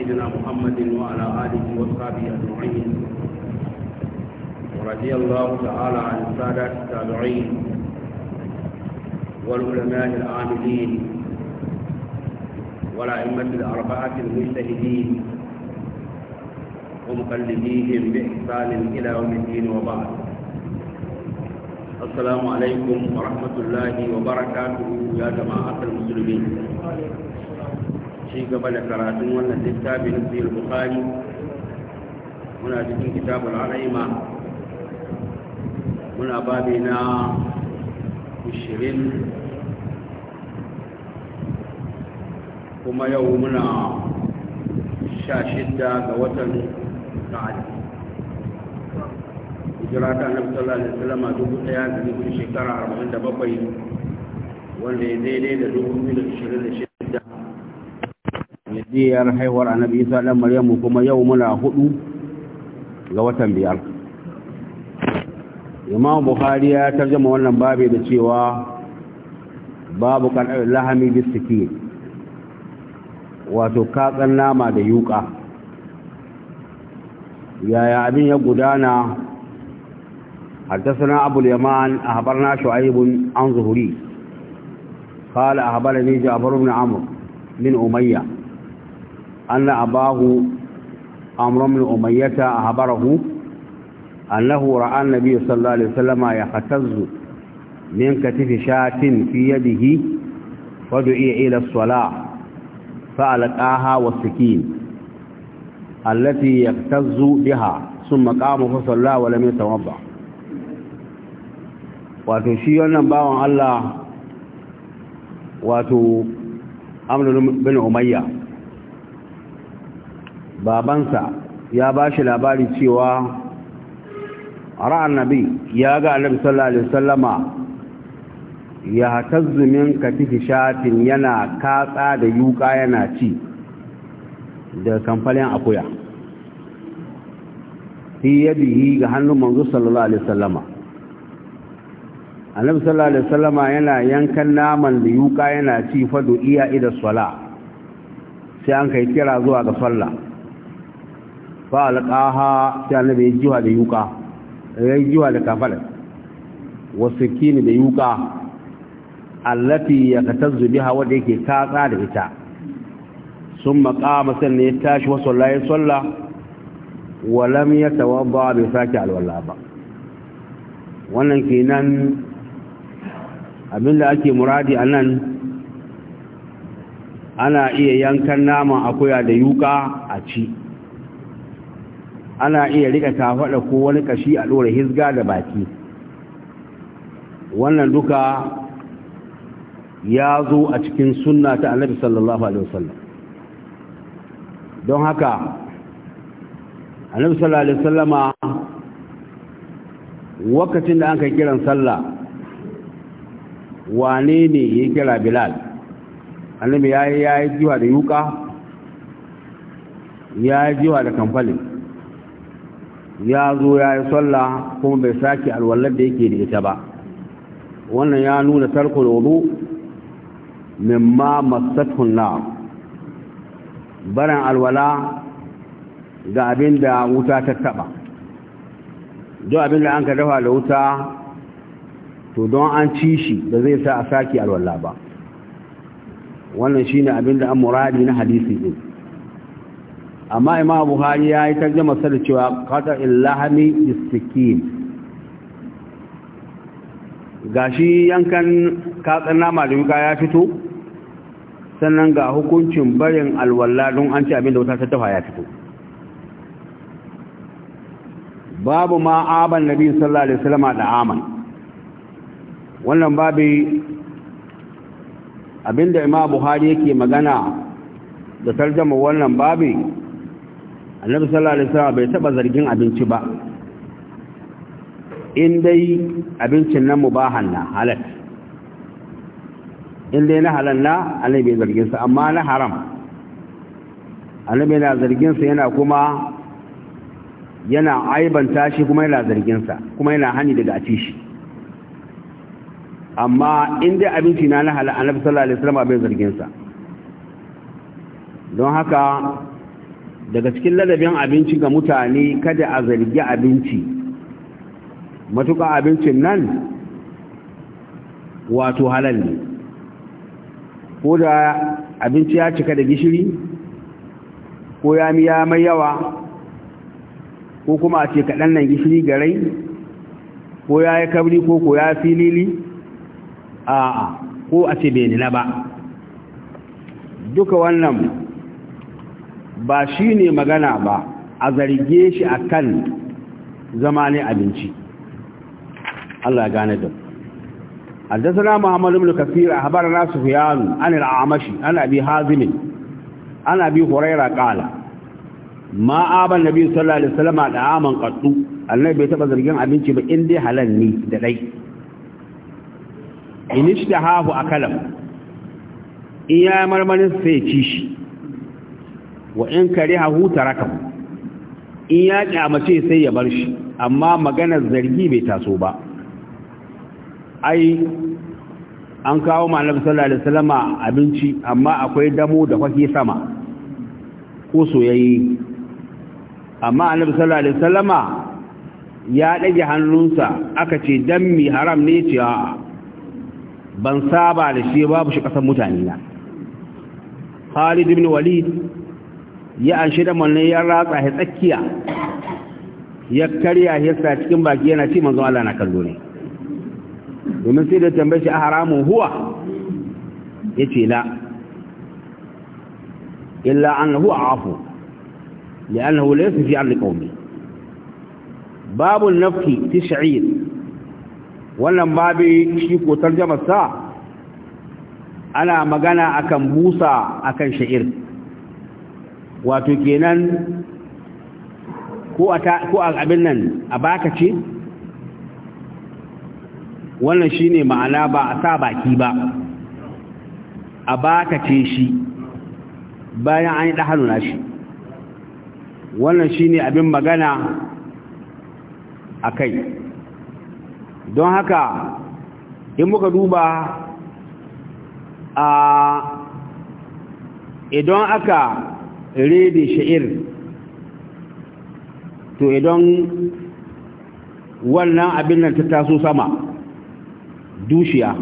سيدنا محمد وعلى آله وصحبه أجمعين ورضي الله تعالى عن سادة التابعين والعلماء العاملين والأئمة الأربعة المجتهدين ومقلديهم بإحسان إلى يوم الدين وبعد السلام عليكم ورحمة الله وبركاته يا جماعة المسلمين Shi gaba da karatun wannan littafin sahih bukhari muna cikin kitabul alaima muna babi na 20 kuma yau muna 16 ga watan ta'adi hijira na musallar sallallahu alaihi wasallam dubu daya da dubu shekara arba'in da bakwai wanda ya daidai da dubu biyu da ashirin da shida diyar haihuwar annabi isa dan maryamu kuma yau muna hudu ga watan biyar imam bukhari ya tarjama wannan babu da cewa babu kan lahami bisiki wato katsan nama da yuka yaya abin ya gudana حدثنا أبو اليمان أخبرنا شعيب عن ظهري قال أخبرني جعفر بن عمرو بن أمية أن أباه أمر بن أمية أخبره أنه رأى النبي صلى الله عليه وسلم يحتز من كتف شاة في يده فدعي إلى الصلاة فألقاها والسكين التي يختز بها ثم قام فصلى ولم يتوضع wato shi wannan bawan Allah wato amrul bin babansa ya ba shi labari cewa ra'an nabi ya ga annabi sallallahu alaihi wasallama ya hatazzu ka katifi shatin yana katsa da yuka yana ci da kamfalin akuya fi yi ga hannun manzo sallallahu alaihi wasallama annabi sallallahu alaihi wasallama yana yankan naman da yuka yana ci fado iya idar sala sai an kai kira zuwa ga sallah fa alqaha na annabi ya da yuka ya da kafala wasu kini da yuka allati yakatazzu biha wanda yake katsa da ita sun qama sannan ya tashi wa sallaya salla wa lam yatawadda bi saki alwala ba wannan kenan abinda ake muradi a nan, ana iya yankan naman akuya da yuka a ci ana iya rika faɗa ko wani kashi a ɗora hizga da baki wannan duka ya zo a cikin sunna ta annabi sallallahu alaihi wasallam don haka annabi sallallahu alaihi wasallama wakacin da an kai kiran sallah wane ne ya kira bilal annabi ya yi jiwa da yuka ya yi jiwa da kamfanin ya zo ya yi sallah kuma bai sake alwallar da yake da ita ba wannan ya nuna tarkul wudu mimma masatun na baran alwala ga abin da wuta ta taba don abin da an ka dafa da wuta to don an ci shi da zai sa a sake alwala ba wannan shi ne abin da an muradi na hadisi din amma imam buhari ya yi tarje masu da cewa kata illahami Ga shi yankan katsar nama da wuka ya fito sannan ga hukuncin barin alwala don an ci abin da wuta ya fito babu ma aban nabi sallallahu alaihi wasallam da aman wannan babu abinda imam buhari yake magana da tarjama wannan babu annabi sallallahu alaihi wasallam bai taba zargin abinci ba in dai abincin nan mubahan na halal in dai na halal na annabi bai zargin sa amma na haram annabi na zargin sa yana kuma yana aibanta shi kuma yana zargin sa kuma yana hani daga ci shi amma in dai abinci na na halal annabi sallallahu alaihi wasallam bai zargin sa don haka daga cikin ladabin abinci ga mutane kada a zargi abinci matuƙa abincin nan wato halal ne ko da abinci ya cika da gishiri ko ya miya mai yawa ko kuma a ce kaɗan nan gishiri garai ko ya yi kabri ko ko ya filili a ko a ce bai ba duka wannan ba shi ne magana ba a zarge shi a kan zamanin abinci Allah ya gane duk addasana muhammadu mulu kasira a habar nasu fiyanu an amashi, ana bi hazimin ana bi horaira kala ma aban nabi sallallahu alaihi wasallam da aman qattu annabi bai taba zargin abinci ba inda halal ne da dai inishtahahu akalam in ya marmarin sai ci shi wa in karihahu tarakahu in ya kyamace sai ya bar shi amma maganar zargi bai taso ba ai an kawo malam sallallahu alaihi wasallama abinci amma akwai damo da kwaki sama ko soyayye amma annabi sallallahu alaihi wasallama ya dage hannunsa aka ce dammi haram ne ce a ban saba da shi babu shi kasan mutane na Khalid ibn Walid ya an shi da manne ya ratsa ya tsakiya ya karya hissa cikin baki yana ci manzon Allah na kallo ne domin sai da tambaye shi a haramun huwa ya ce la illa annahu afu li'annahu laysa fi ardi qaumi babu nafki tish'ir wannan babu shi ko tarjumar sa ana magana akan busa akan sha'ir wato kenan ko a abin nan a baka ce wannan shi ne ma'ana ba a sa baki ba a baka ce shi bayan an yi ɗahanuna shi wannan shi ne abin magana a kai don haka in muka duba a idan aka rebe sha'ir to idan wannan abin nan ta taso sama dushiya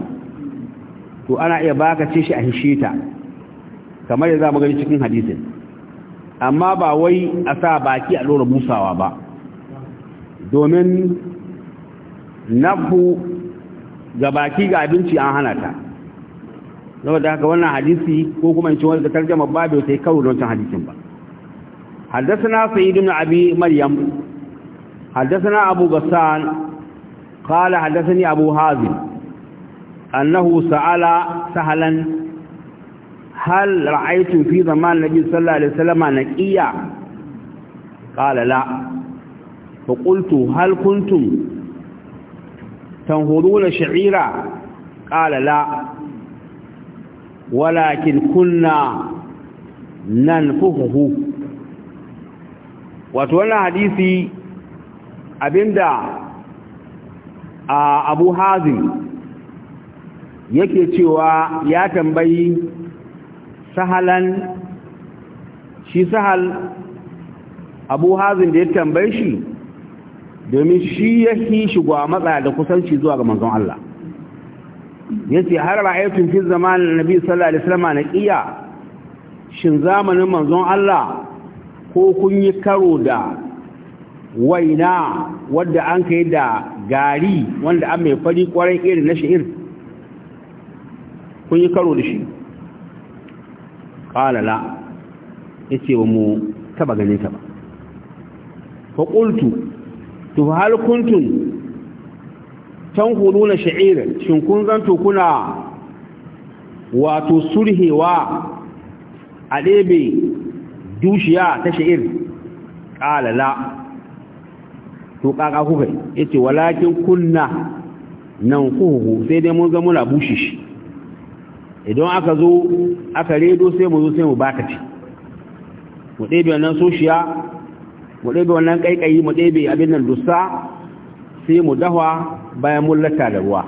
to ana iya baka ce shi a hishe ta kamar yadda mu gani cikin hadisin amma ba wai a sa baki a lura busawa ba domin nafu ga baki ga abinci an hana ta zama da wannan hadisi ko kuma cin wanda ta jama babu ta yi kawo lancin hadisin ba haddasana sayidun abi maryam haddasana abu gassan kala haddasani abu hazin annahu sa'ala sahalan hal ra'aytu fi zaman nabi sallallahu alaihi wasallam naqiya qala la fa qultu hal kuntum tanhuduna sha'ira qala la walakin kunna nan fuhuhu wato wannan hadisi abinda abu hazin yake cewa ya tambayi sahalan shi sahal abu hazin da ya tambaye shi domin shi ya shi shigwa matsa da kusanci zuwa ga manzon Allah yace har ra'ayatun fi zaman annabi sallallahu alaihi wasallam naqiya shin zamanin manzon Allah ko kun yi karo da waina wanda an kai da gari wanda an mai fari kwarai irin na shi'ir kun yi karo da shi kala la yace wa mu taba ganin ta ba fa qultu to hal kuntum tanhuluna sha'ir shin kun zanto kuna wato surhewa a ɗebe dushiya ta sha'ir ƙalala to ƙaƙa kuka ya ce walakin kunna nan kuhu sai dai mun ga muna bushe shi idan aka zo aka redo sai mu zo sai mu baka ci mu ɗebe wannan soshiya mu ɗebe wannan ƙaiƙayi mu ɗebe abin nan dusa sai mu dahwa bayan mun da ruwa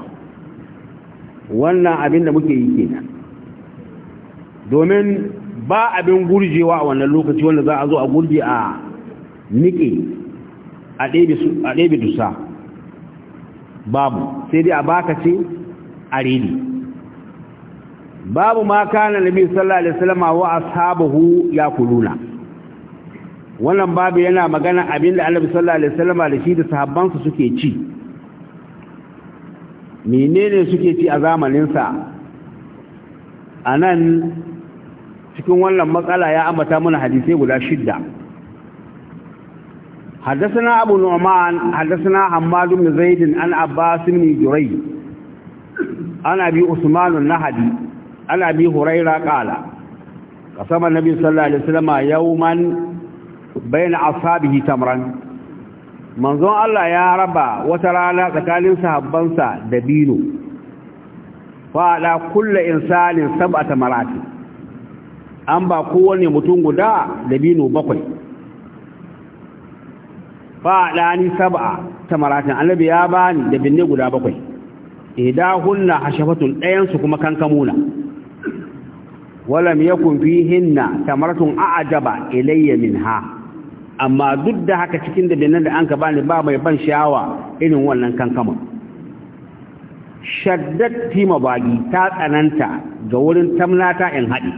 wannan abin da muke yi kenan domin ba abin gurjewa a wannan lokaci wanda za a zo a gurje a niƙe a ɗebe dusa babu sai dai a baka ce a redi babu ma kana nabi sallallahu alaihi wasallam wa ashabuhu yakuluna wannan babu yana magana abin da annabi sallallahu alaihi wasallam da shi da sahabbansu suke ci menene suke ci a zamaninsa a nan cikin wannan matsala ya ambata mana hadisai guda shidda حدثنا أبو نعمان حدثنا حماد بن زيد عن عباس بن جري عن أبي عثمان النهدي عن أبي هريرة قال قسم النبي صلى الله عليه وسلم يوما بين أصحابه تمرا manzon Allah ya raba wata rana tsakanin sahabbansa da bino fa ala kulli insanin sab'ata marati an ba kowane mutum guda da bino bakwai fa ala ni sab'a ta maratin annabi ya bani da binne guda bakwai idahunna hashafatun ɗayan su kuma kankamuna walam yakun fihinna tamaratun a'jaba ilayya minha amma duk da haka cikin da binan da an ka bani ba mai ban sha'awa irin wannan kankama shaddad tima bagi ta tsananta ga wurin tamlata in haɗi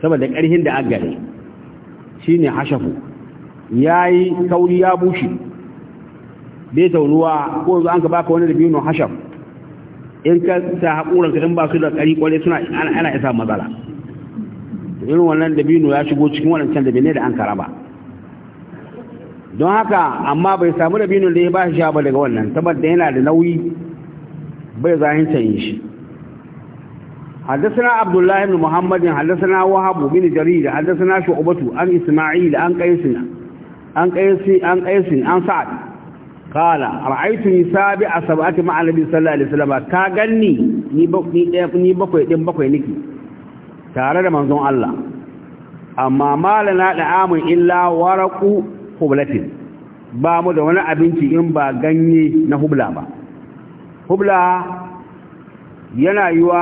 saboda ƙarhin da agare shi ne hashafu ya yi kauri ya bushe bai taunuwa ko yanzu an ka baka wani da biyu hashaf in ka sa haƙuranka in ba su da ƙari ƙwarai suna ana isa matsala irin wannan dabino ya shigo cikin waɗancan dabinai da an karaba don haka amma bai samu da binu da ya ba shi sha ba daga wannan saboda yana da nauyi bai zahinta yin shi haddasa abdullahi bin muhammadin haddasa na wahabu bin jarida haddasa na shu'ubatu an isma'il an qaisin an qaisin an qaisin an sa'ad qala ra'aytu nisabi asabati ma'a nabi sallallahu ganni ni bakwai din bakwai niki tare da manzon Allah amma malana da amun illa waraqu hublatin ba mu da wani abinci in ba ganye na hubla ba hubla yana yiwa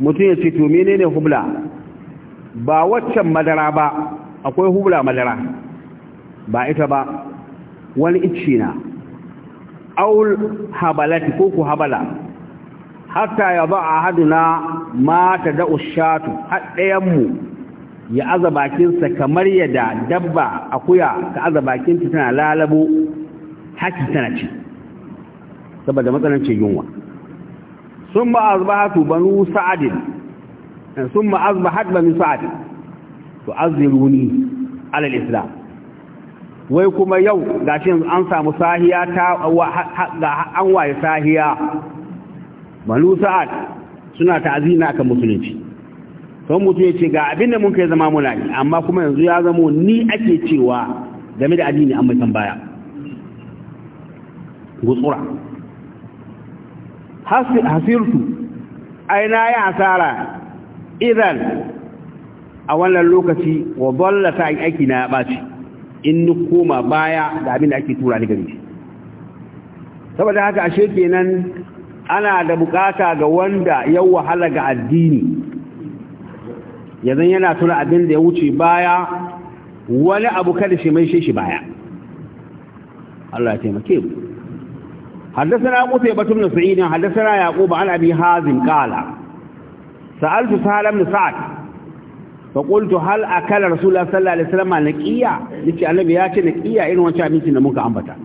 mutum ya ce to ne hubla ba waccan madara ba akwai hubla madara ba ita ba wani icce na aul habalati ko ku habala hatta ya ba a haduna ma ta da'ushatu har mu. ya aza bakinsa kamar yadda dabba akuya ka aza bakinta tana lalabo haki tana ci saboda matsalancin yunwa sun ba azbahatu banu sa'adin eh, sun ba azbahat banu sa'adin to aziruni alal islam wai kuma yau gashi an samu sahiya ta an waye sahiya banu sa'ad suna ta'azina kan musulunci don mutum ya ce ga abin da mun kai zama muna ne amma kuma yanzu ya zamo ni ake cewa game da addini an mai baya. gutsura hasirtu aina ya hasara idan a wannan lokaci wa balla ta aiki na ya ɓaci in ni koma baya da abin da ake tura ni gari saboda haka ashe kenan ana da bukata ga wanda ya wahala ga addini yanzu yana tuna abin da ya wuce baya wani abu kada shi mai shi baya Allah ya taimake mu حدثنا قتيبة بن سعيد حدثنا يعقوب عن أبي حازم قال سألت سهل بن سعد فقلت هل أكل رسول الله صلى الله عليه وسلم نقيا لكي النبي ياتي نقيا إن وانشاء ميتي نموك أنبتا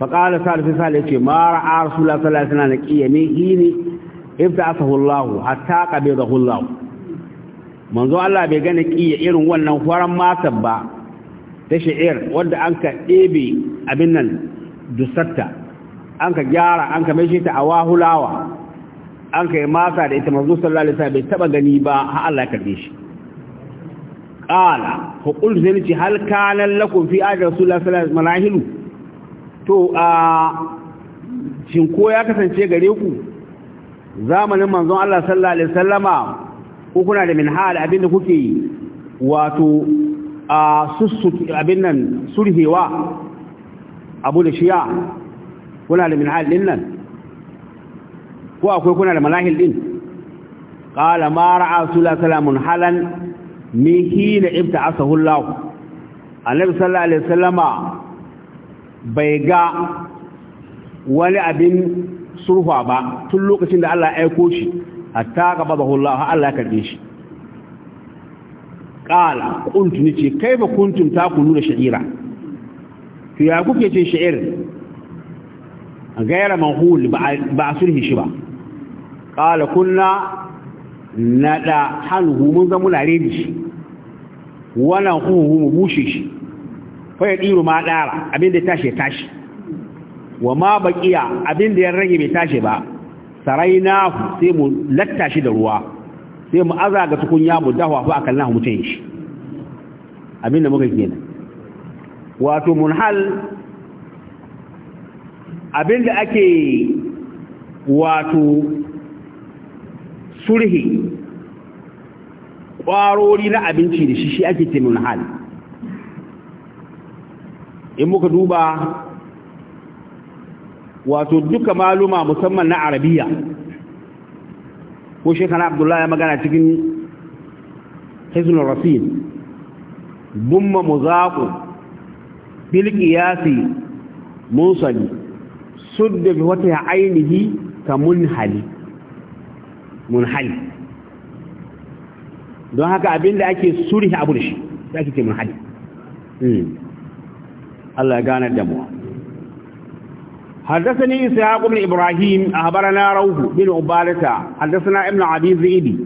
فقال سهل بن سعد ما رأى رسول الله صلى الله عليه وسلم نقيا نقيني ibta'athahu Allah hatta qabidahu Allah manzo Allah bai gane kiya irin wannan faran matan ba ta shi'ir wanda anka ebe abin nan dusatta anka gyara anka mai shi ta awahulawa anka yi mata da ita manzo sallallahu alaihi wasallam bai taba gani ba har Allah ya karbe shi qala fa qul zalti hal kana lakum fi ajri rasulullahi sallallahu alaihi wasallam malahilu to a shin ko ya kasance gare ku zamanin manzon Allah sallallahu alaihi wasallama ku kuna da minhal abin da kuke wato a sussu abin nan surhewa abu da shiya kuna da minhal din nan ko akwai kuna da malahil din qala ma ra'a sallallahu alaihi halan min hina ibta'asahu Allah annabi sallallahu alaihi wasallama bai ga wani abin surfa ba tun lokacin da Allah ya aiko shi hatta qabahu Allah Allah ya karbe shi qala qultu nace kaifa kuntum takuluna sha'ira to ya kuke ce sha'ir gaira manhul ba sulhi shi ba qala kunna nada hanhu mun zama lare da shi wannan hu mu bushe shi fa ya diru ma dara abinda tashi tashi wa ma baqiya abin da ya rage bai tashi ba saraina sai mu latta shi da ruwa sai mu aza ga tukunya mu dahwa fa akalna mu tayi shi abin da muka gina. wato munhal abin da ake wato surhi ƙwarori na abinci da shi shi ake ce munhal in muka duba wato duka maluma musamman na arabiya ko shekana abdullahi magana cikin hizun rasil bumma muzaku bilkiyasi musali sudda bi wata ainihi ka munhali munhali don haka abinda ake surihi abu da shi da ake ce munhali hmm. Allah ya gane da mu حدثني إسحاق بن إبراهيم أخبرنا روح بن عبادة حدثنا ابن عبي زيدي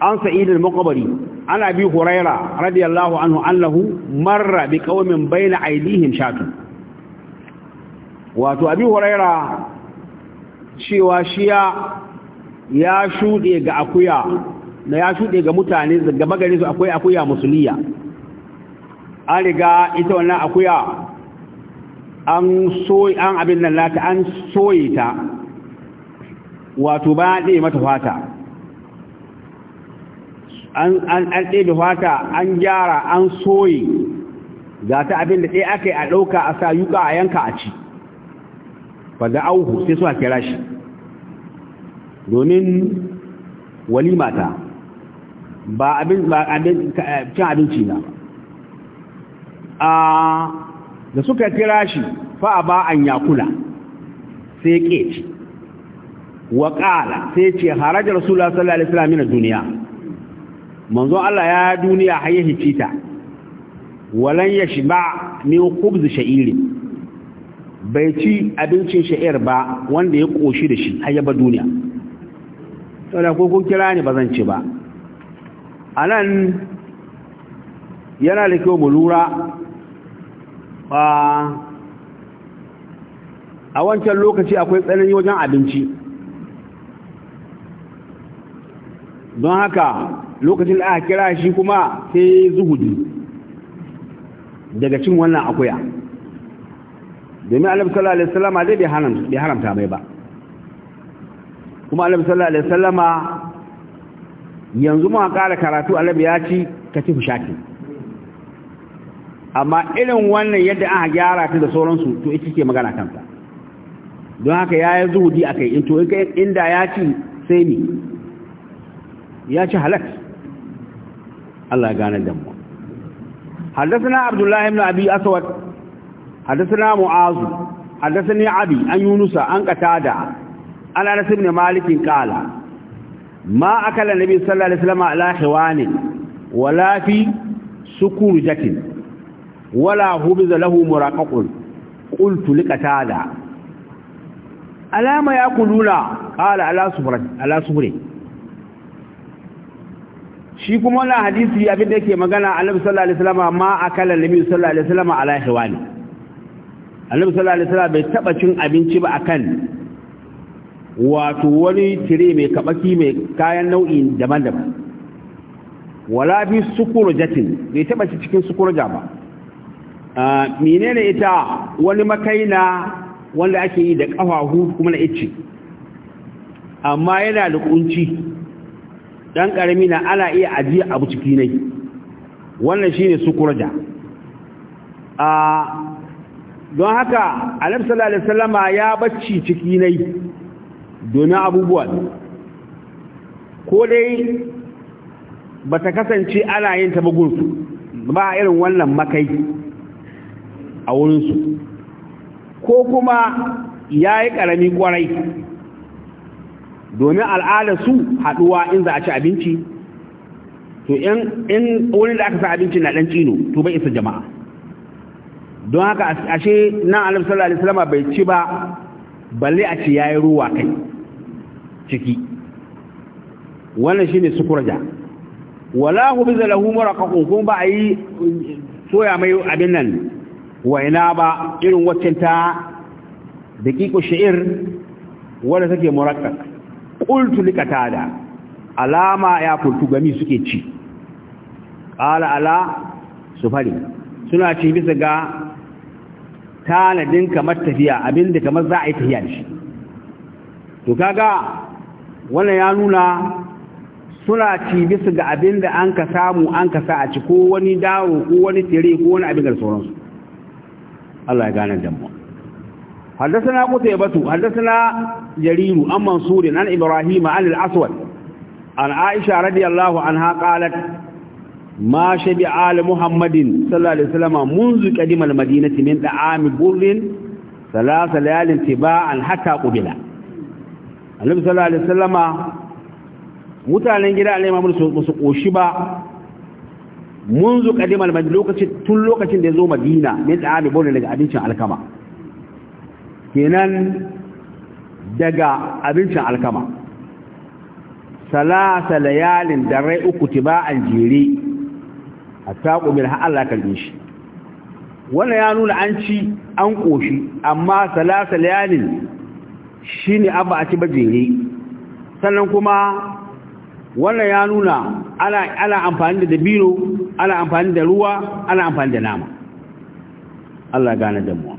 عن سعيد المقبري عن أبي هريرة رضي الله عنه أنه مر بقوم بين أيديهم شاك واتو أبي هريرة شواشيا يا shuɗe ga akuya يا ya shuɗe متانيز mutane gaba gare su akwai akuya musuliya an riga ita an soyi an abin nan lata an soyi ta wato ba ɗaya mata fata an ɗaya fata an gyara an soyi ga ta abin da ɗaya aka yi a ɗauka a sa yuka a yanka a ci ba da auhu sai suka kira shi domin walima ta, ba abin eh, cin abinci na a ah, da suka kira shi fa a ba an yakula sai ke wa qala sai ce haraja rasulullah sallallahu alaihi wasallam na duniya manzo Allah ya duniya haye hicita walan yashba min khubz sha'ir bai ci abincin sha'ir ba wanda ya koshi da shi haye ba duniya saboda ko kun kira ni bazan ci ba anan yana da kyau mu lura a wancan lokaci akwai tsanani wajen abinci don haka lokacin da aka kira shi kuma sai zuhudi daga cin wannan akuya domin alif sallallahu alaihi wasallama dai bai haramta mai ba kuma alif sallallahu alaihi wasallama yanzu ma kara karatu alif ya ci katifu shaki amma irin wannan yadda aka gyara ta da sauransu to ita ce magana kanta don haka ya yi zuhudi a kai into inda ya ci sai ni ya ci halak Allah ya gane dan damu haddasana abdullahi ibn abi aswad haddasana mu'azu haddasani abi an yunusa an qatada an anas ibn malik qala ma akala nabi sallallahu alaihi wasallam ala hiwani wala fi sukur jatin wala hubiza lahu muraqaqun qultu liqatada alama yakuluna qala ala sufra ala sufri shi kuma wannan hadisi abin da yake magana annabi sallallahu alaihi wasallam ma akala nabi sallallahu alaihi wasallam ala hiwani annabi sallallahu alaihi wasallam bai taba cin abinci ba akan wato wani tire mai kabaki mai kayan nau'i daban-daban wala fi jatin bai taba cikin sukuraja ba Ah, menene ita wani makaina wanda ake yi da ƙafafu kuma na ice amma yana da kunci dan karami na ana iya ajiya abu ciki ne wannan shine sukurja a ah, don haka annabi sallallahu alaihi wasallama ya bacci ciki ne domin abubuwa ko dai bata kasance ana yin ta bugunsu ba irin wannan makai a wurinsu ko kuma ya yi ƙarami ƙwarai domin al'ada su haɗuwa in za a ci abinci to in wurin da aka sa abinci na ɗan cino to bai isa jama'a don haka ashe nan alim sallallahu alaihi bai ci ba balle a ce yayi ruwa kai ciki wannan shine sukurja wala bizalahu lahu ba yi soya mai abin nan waina ba irin waccan ta daƙiƙo sha'ir wadda take murakkak ƙultu likatada alama ya furtu gami suke ci ƙala ala su fari suna ci bisa ga tanadin kamar tafiya abinda kamar za a yi tafiya da shi to kaga wannan ya nuna suna ci bisa ga abinda an ka samu an ka sa a ci ko wani daro ko wani tere ko wani abin da sauransu Allah ya gane da mu jariru an mansur an ibrahim an al an aisha radiyallahu anha qalat ma shabi muhammadin sallallahu alaihi wasallam munzu qadim madinati min da'am burrin thalath layalin tiba'an hatta qubila annabi sallallahu alaihi wasallam mutanen gida alaihi mamun su koshi ba Mun قدم المجد لوكacin tun lokacin da yazo Madina ne tsami bone daga abincin alkama kenan daga abincin alkama salasa layalin darai uku tiba'an jere hatta qumil ha Allah kalbi shi wannan ya nuna an ci an koshi amma salasa layalin shine abba a ci bajere sannan kuma wannan ya nuna ana amfani da dabino ana amfani da ruwa ana amfani da nama Allah gane damuwa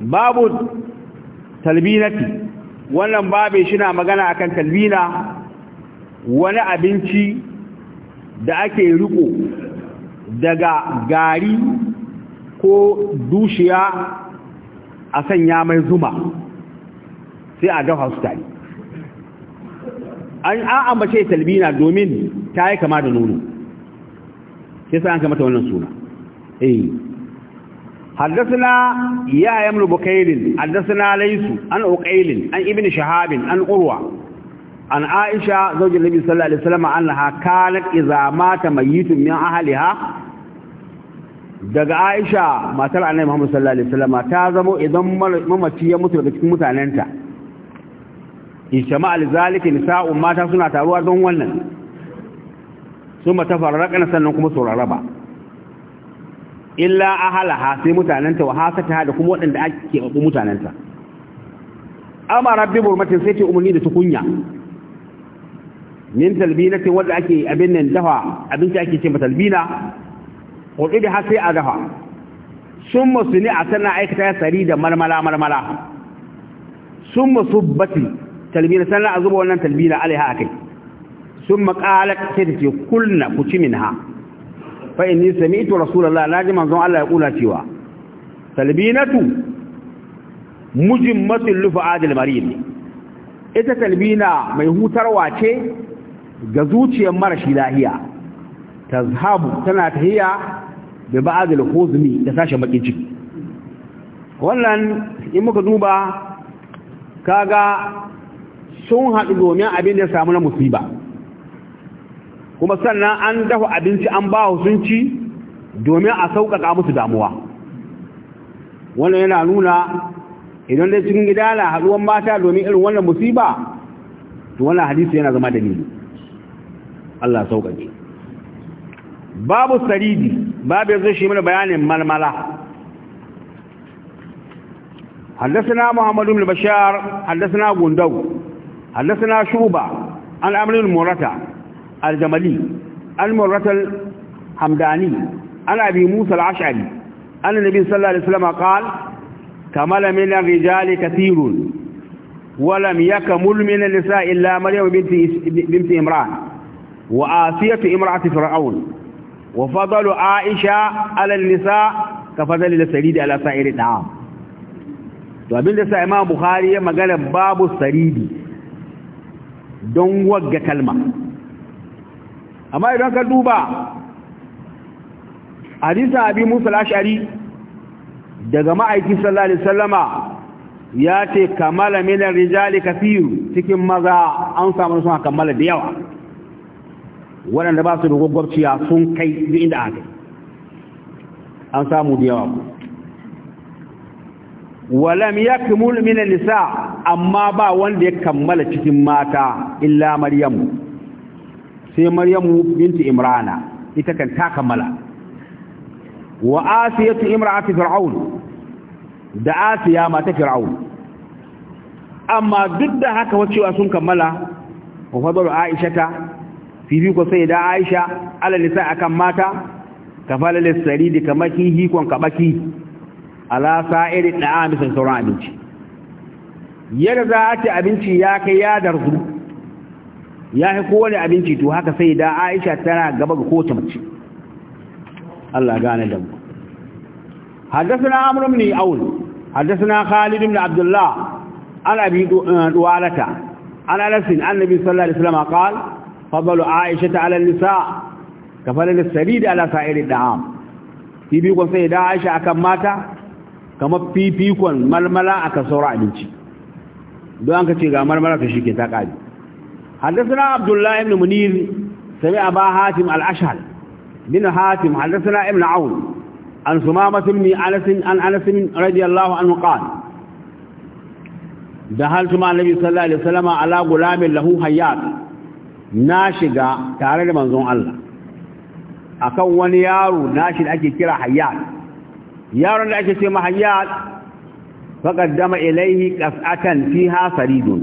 babu talbinati wannan babu shi na magana akan talbina wani abinci da ake riko daga gari ko dushiya a sanya mai zuma sai a dafa su tare an ambace talbina domin ta yi kama da nono Yasa an kai mata wannan suna eh حدثنا يا بن بكير حدثنا ليس an أقيل an ابن shahabin, an urwa. عن Aisha زوج النبي صلى الله عليه وسلم أنها كانت إذا مات min من daga Aisha matar Annabi Muhammad sallallahu alaihi wasallam ta zamo idan mamaci ya mutu daga cikin mutanenta ishama alzalika nisa'u mata suna taruwa don wannan sun mata fararraƙana sannan kuma su rarraba illa a ahalaha sai mutanenta wa hasata da kuma waɗanda ake keɓaɓɓu mutanenta amma rabbi burmatin sai ce umarni da tukunya min talbina ce wadda ake abin nan dafa abinci ake ce matalbina hudu da har sai a dafa sun masu ne a sana aikata sari da marmala marmala sun masu bati talbina sannan a zuba wannan talbina alaiha a kai ثم قالت سيدتي كلنا كتي منها فإني سمعت رسول الله ناجم أنظر الله يقول سوا تلبينة مجمة لفعاد المريض إذا تلبينة ميهوتر واتي جزوتي مرش إلهية تذهب تنات هي ببعض الخوزمي لساشا مكيجي wannan in muka duba kaga sun haɗu domin abin da ya samu na musiba kuma sannan an dafa abinci an ba wa sun ci domin a sauƙaƙa musu damuwa wannan yana nuna idan dai cikin gida na haɗuwar mata domin irin wannan musiba to wannan hadisi yana zama dalili Allah sauƙaƙe babu saridi babu yanzu shi mana bayanin malmala حدثنا محمد بن بشار حدثنا غندو حدثنا شوبة عن أمر المرتع الجملي المرة الحمداني عن أبي موسى العشعري أن النبي صلى الله عليه وسلم قال كمل من الرجال كثير ولم يكمل من النساء إلا مريم بنت, بنت إمران وآسية امرأة فرعون وفضل عائشة على النساء كفضل السريد على سائر الطعام وابن لسا إمام بخاري مقال باب السريد دون وقع كلمة amma idan ka duba hadisa abi musa al-ash'ari daga ma'aiki sallallahu alaihi wasallama ya ce kamala minar rijali kafiru cikin maza an samu suna kammala da yawa waɗanda ba su da gwaggwabciya sun kai duk inda aka an samu da yawa walam ya kimul minar nisa amma ba wanda ya kammala cikin mata illa maryamu sai maryamu binti imrana ita kan ta kammala wa asiyatu imra'ati fir'aun da asiya ma mata fir'aun amma duk da haka wa sun kammala wa fadlu aishata fi bi ko sai da aisha ala nisa akan mata kafala lisaridi kamaki hikon kabaki ala sa'iri da amisan sauran abinci yadda za a ci abinci ya kai ya darzu ya fi kowane abinci to haka sai da aisha tana gaba ga kowace mace Allah gane da mu haddasuna amrun ni aul haddasuna khalid ibn abdullah an abi duwalata an alasin annabi sallallahu alaihi wasallam qal fadlu aisha ala nisa kafalan sarid ala sa'ir da'am bibi ko sai da aisha akan mata kama fifikon malmala aka saura abinci don ka ce ga malmala ta shike ta kaji حدثنا عبد الله بن منير سمع أبا هاتم الأشهل بن هاتم حدثنا ابن عون عن سمامة بن أنس عن أنس رضي الله عنه قال دخلت مع النبي صلى الله عليه وسلم على غلام له حيات ناشغا tare da manzon Allah akan wani yaro nashi da ake kira hayyat yaron da ake ce ma hayyat faqaddama ilayhi qas'atan fiha saridun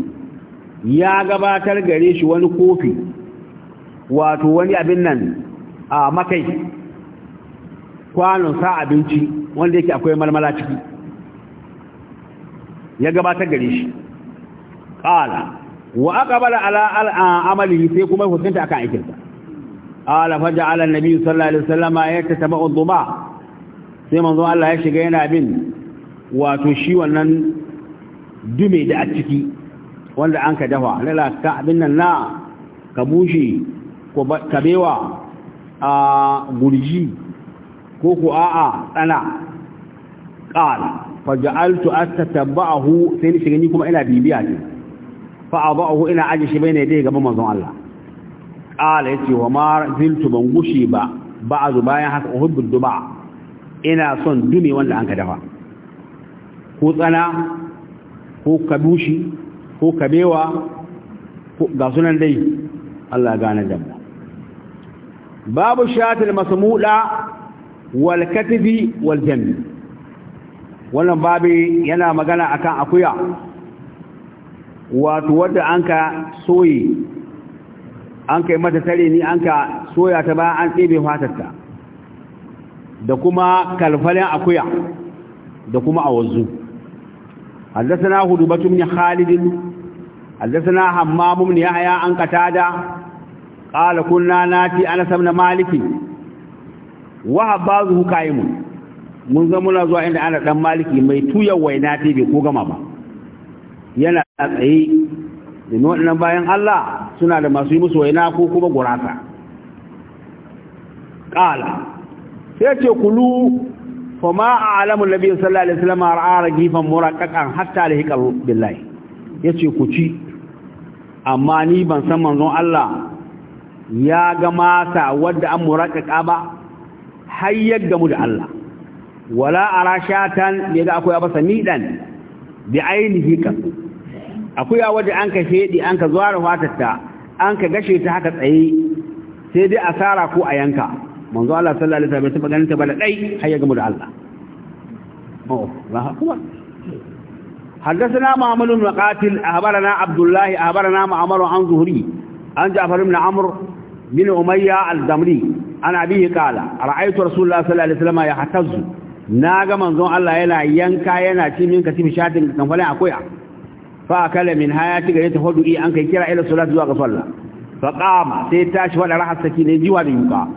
ya gabatar gare shi wani kofi wato wani abin nan a makai kwanon sa abinci wanda yake akwai malmala ciki ya gabatar gare shi ƙala wa aka bada al'amali sai kuma hukunta akan aikinsa ƙala faja ala nabi sallallahu alaihi sallama, ya ta taba uzuma sai manzo Allah ya shiga yana bin wato shi wannan dume da a ciki wanda an ka dafa lalata abin nan na ka bushe kabewa a gurji ko ku a'a tsana ƙal faja'altu attatabba'ahu sai ni shiga ni kuma ina bibiya ne fa ina aje shi bai ne dai gaba mazan Allah ƙal yace wa ma ziltu ban gushi ba ba'du bayan haka uhibbu duba ina son dume wanda an ka dafa ko tsana ko kabushi ko kabewa ga sunan dai Allah gane dabba babu shatil masmuda wal katifi wal jambi wannan babu yana magana akan akuya wato wadda anka soyi an kai mata tare ni anka soya ta bayan an tsebe fatarta da kuma kalfalin akuya da kuma awazu حدثنا هدبة بن خالد حدثنا حمام بن يحيى عن قتادة قال كنا ناتي أنس بن مالك وهب بعضه قائم mun ga muna zuwa inda ana dan maliki mai tuya waina ta ko gama ba yana tsaye domin waɗannan bayan Allah suna da masu yi musu waina ko kuma gurasa ƙala sai ce kulu fa ma a alamun nabi sallallahu alaihi wasallam ra'a ragifan muraqaqan hatta lahiqa billahi yace ku ci amma ni ban san manzon Allah ya ga mata wadda an muraƙaƙa ba har yadda mu da Allah wala ara shatan ya ga akwai abasa nidan bi ainihi ka akwai wadda an ka shedi an ka zuwa rufatarta an ka gashe ta haka tsaye sai dai asara ko a yanka manzo Allah sallallahu alaihi wasallam ya tabbata ganin ta ba dai har ya mu da Allah oh Allahu akbar حدثنا معمر بن قاتل أخبرنا عبد الله أخبرنا معمر عن زهري عن جعفر بن عمرو بن أمية الدمري عن أبيه قال رأيت رسول الله صلى الله عليه وسلم يحتز ناغا منزون الله يلا ينكا ينا تيمين كتيم شاتين تنفلين أكويا فأكل من هاياتي قد يتفضوا إيه أنك كيرا إلى الصلاة زواغ صلى فقام سيتاش ولا راح السكين يجيوا بيوكا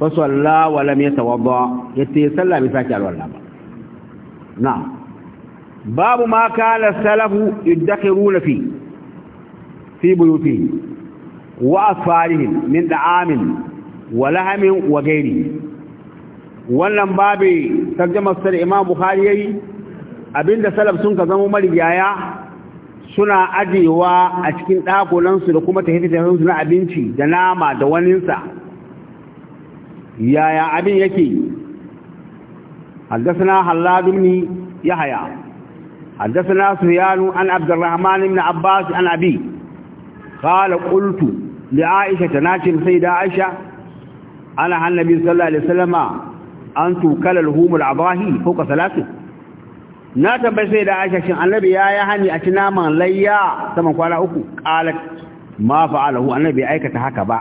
فصلى ولم يتوضأ يتسلى بساكي الولا نعم babu ma kana salafu yudkhiruna fi fi buyutihim wa asfarihim min da'amin wa wannan babu tarjumar sar Imam Bukhari yayi abinda salaf sun ka zama marigaya suna ajewa a cikin ɗakunansu da kuma tafiye na abinci da nama da waninsa yaya abin yake haddasa na halladun ni ya haya حدثنا سفيان عن عبد الرحمن بن عباس عن أبي قال قلت لعائشة ناتم سيدة عائشة أنا عن النبي صلى الله عليه وسلم أن توكل لهم العضاهي فوق ثلاثة ناتم سيدة عائشة شن النبي يا يهني أتنا من ليا ثم قال أكو قالت ما فعله النبي أيكة هكذا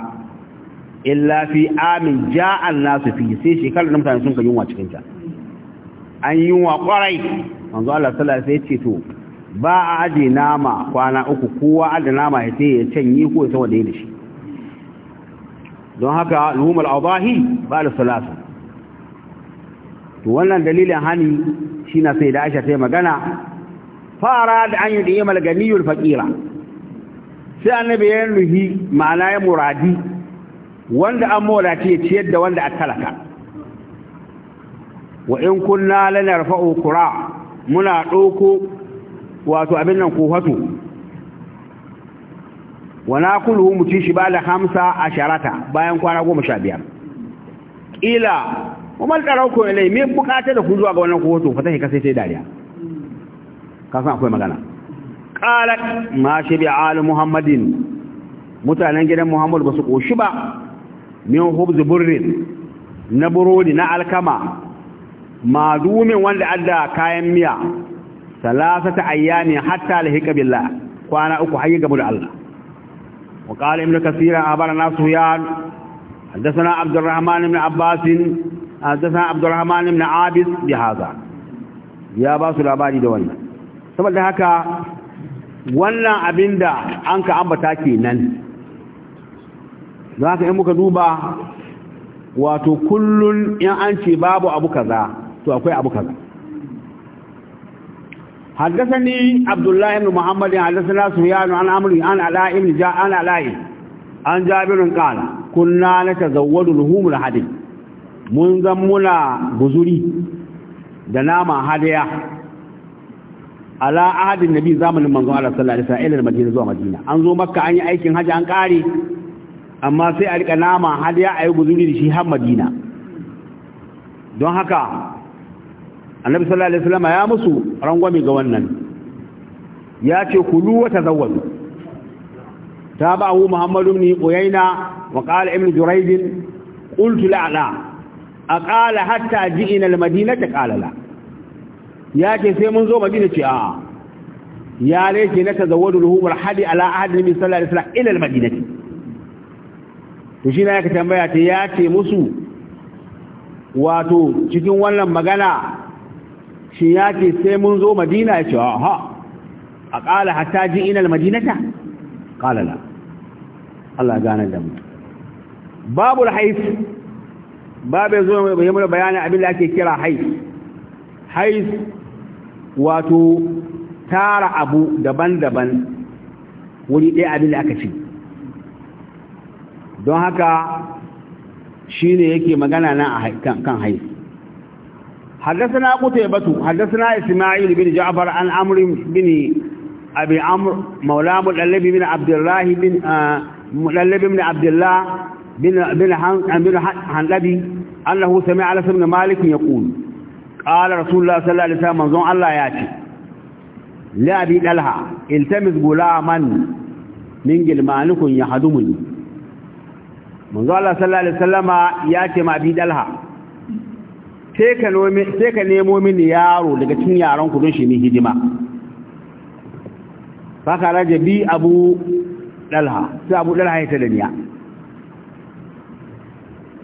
illa fi amin ja'al nasu fi sai shekarar da mutane sun ka yunwa cikin ta an yunwa kwarai manzo Allah sallallahu alaihi wasallam ya ce to ba a aje nama kwana uku kowa aje nama ya ce ya canye ko ya tawa da ya shi don haka al adahi ba da salasa to wannan dalilin hani shi na sai da Aisha ta magana fara da an yi diyamal ganiyul faqira sai annabi ya nuhi ma'ana ya muradi wanda an mola ya ciyar da wanda a talaka wa in kunna lanarfa'u qura muna ɗauko wato abin nan kohatu wana kulu mu ci shi ba da hamsa a sharata bayan kwana goma sha biyar ƙila kuma tsarau ko ilai mai bukata da ku zuwa ga wannan kohatu fata ka sai sai dariya ka san akwai magana ƙalar ma shi bi al muhammadin mutanen gidan muhammad ba su ƙoshi ba min hubz burrin na burodi na alkama malumin wanda adda kayan miya salasata ayyami hatta lahiqa billah kwana uku hayya gabu da Allah wa qala ibn kathira abarna suyan حدثنا عبد الرحمن بن عباس حدثنا عبد الرحمن بن عابس بهذا يا باس الاباري da wannan saboda haka wannan abinda an ka ambata kenan ka in muka duba wato kullun in an ce babu abu kaza to akwai abu kaza haddasani abdullahi ibn muhammadin haddasana suyanu an amri an ala'i ibn ja'an ala'i an jabirin qala kunna natazawwadu luhumul hadi mun zammuna buzuri da nama hadiya ala ahadin nabi zamanin manzo Allah sallallahu alaihi wasallam madina zuwa madina an zo makka an yi aikin haji an kare amma sai a rika nama hadiya ayi buzuri da shi har madina don haka annabi sallallahu alaihi wasallam ya musu rangwame ga wannan ya ce kulu wa tazawwaju tabahu muhammad ibn uyayna wa qala ibn jurayd qultu la la aqala hatta ji'ina madinata qala la ya ce sai mun zo madina ce a ya lake na tazawwadu luhum alhadi ala ahad nabi sallallahu alaihi wasallam ila almadinati to shi na yake tambaya ta ya ce musu wato cikin wannan magana shi ya ce sai mun zo madina ya ce ha a ƙala hatta ji inal madinata ƙala la Allah gane da mu babul haif babu ya zo mai yamma bayanin abin da ake kira haif haif wato tara abu daban-daban wuri ɗaya abin da aka ci don haka shi ne yake magana na kan haif حدثنا قتيبة حدثنا إسماعيل بن جعفر عن عمرو بن أبي عمرو مولى مدلب بن عبد الله بن آه مدلب بن عبد الله بن بن بن حنلبي أنه سمع أنس بن مالك يقول قال رسول الله صلى الله عليه وسلم منظوم الله ياتي لأبي دلها التمس غلاما من جلمانك يحدمني منظوم الله صلى الله عليه وسلم ياتي ما أبي دلها sai ka nemo mini yaro daga cin yaron kudin shi ni hidima Baka raja bi abu dalha sai abu dalha ya talaniya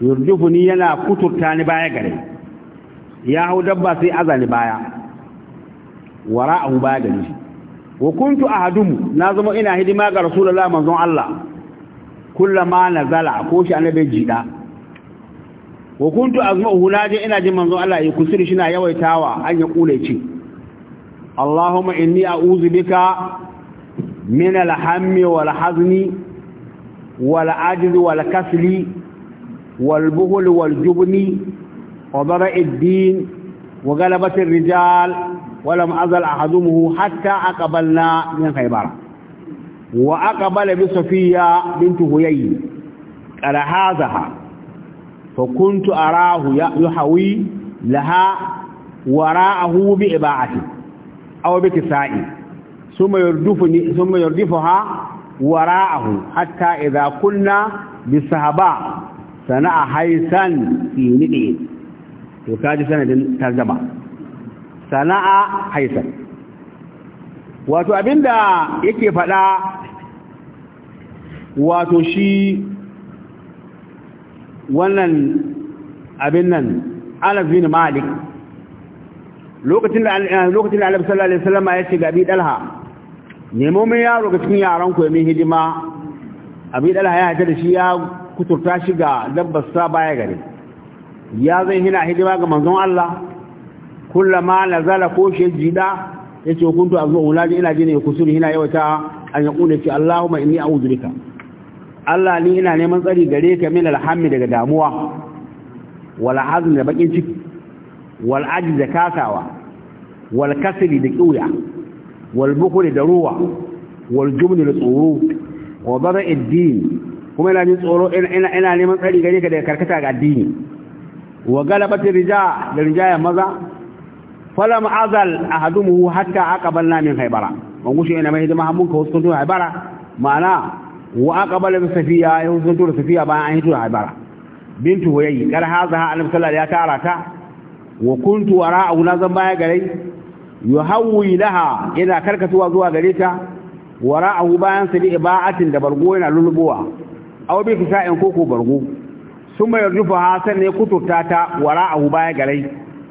yurjufu ni yana kuturta ni baya gare ya hau dabba sai aza ni baya wara abu baya gare shi wa kuntu ahadumu na zama ina hidima ga rasulullah manzon Allah kullama nazala ko shi annabi jida wa kuntu azma'uhu ina jin manzo Allah ya kusuri shi na yawaitawa an ya kule ce Allahumma inni a'udhu bika min al-hammi wal hazni wal ajzi wal kasli wal buhl wal jubni wa bara ad-din wa ghalabati ar-rijal wa lam azal ahadumuhu hatta aqbalna min khaybara wa aqbala bi safiya bint huyay qala hadha fa kuntu arahu yuhawi laha wara'ahu bi iba'ati aw bi kisa'i thumma yurdifuni thumma yurdifuha wara'ahu hatta idha kunna bi sahaba sana'a haisan fi nidi to kaji sanadin tarjama sana'a haisan wato abinda yake faɗa wato shi wannan abin nan Anas bin Malik lokacin da eh, lokacin da sallallahu alaihi wasallam ya ce ga Abi Dalha nemo mai yaro ga cikin yaran ku mai hidima Abi Dalha ya hada da shi ya kuturta shi ga dabbar sa baya gare ya zai hina hidima ga manzon Allah kullama nazala ko shi jida yace to azu ulaji ina jini kusuri hina yawata an yaqulu ci Allahumma inni a'udhu bika Allah ni ina neman tsari gare ka min alhammi daga damuwa wal hazn da bakin ciki wal ajz da kasawa wal kasli da kiuya wal bukhl da ruwa wal jubn da tsoro wa bara ad kuma ina jin tsoro ina ina neman tsari gare ka daga karkata ga addini wa galabat rija da rijaya maza falam azal ahadumuhu hatta aqbalna min haybara mun gushe ina mai hidima mun ka wasu tun haybara ma'ana wa aqbala bi safiya ya husunto da safiya bayan an yi da habara bintu huyayi kar haza ha Alim sallallahu ya tara ta wa kuntu na zan baya gare yuhawwi laha ina karkatuwa zuwa gare ta wara'ahu bayan sabi ibaatin da bargo yana lulubuwa aw bi kisa'in koko bargo summa yarjufu ha sanne ya kuturta ta wara'ahu baya gare